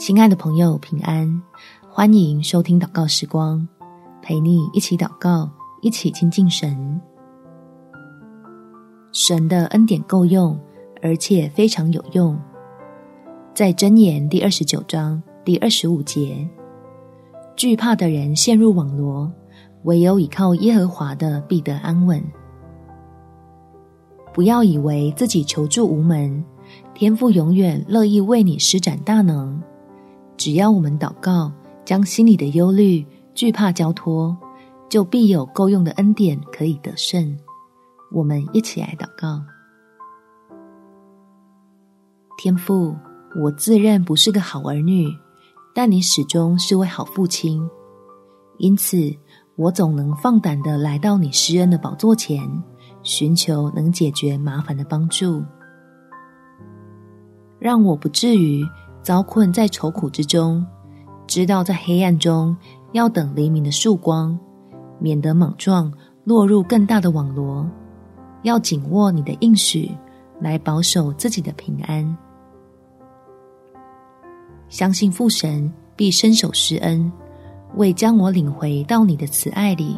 親愛的朋友，平安！歡迎收聽禱告時光，陪你一起禱告，一起親近神。神的恩典夠用，而且非常有用。在箴言第二十九章第二十五節，懼怕的人陷入網羅，唯有倚靠耶和華的必得安穩。不要以為自己求助無門，天父永遠樂意為你施展大能。只要我們禱告，將心裡的憂慮、懼怕交託，就必有夠用的恩典可以得勝。我們一起來禱告。天父，我自認不是個好兒女，但你始終是位好父親，因此我總能放膽的來到你施恩的寶座前，尋求能解決麻煩的幫助，讓我不至於。遭困在愁苦之中，知道在黑暗中要等黎明的曙光，免得莽撞落入更大的網羅。要緊握你的應許，來保守自己的平安。相信父神必伸手施恩，為將我領回到你的慈愛裡，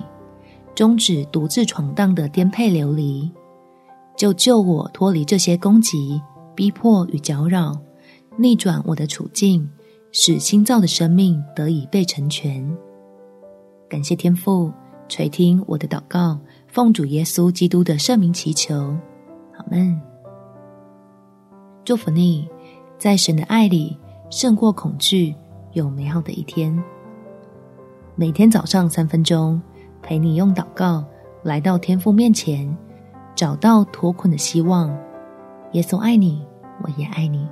終止獨自闖蕩的顛沛流離，就救我脫離這些攻擊、逼迫與攪擾。逆轉我的處境，使新造的生命得以被成全。感謝天父垂聽我的禱告，奉主耶穌基督的聖名祈求，阿門。祝福你，在神的愛裡勝過恐懼，有美好的一天。每天早上三分鐘，陪你用禱告來到天父面前，找到脫困的希望。耶穌愛你，我也愛你。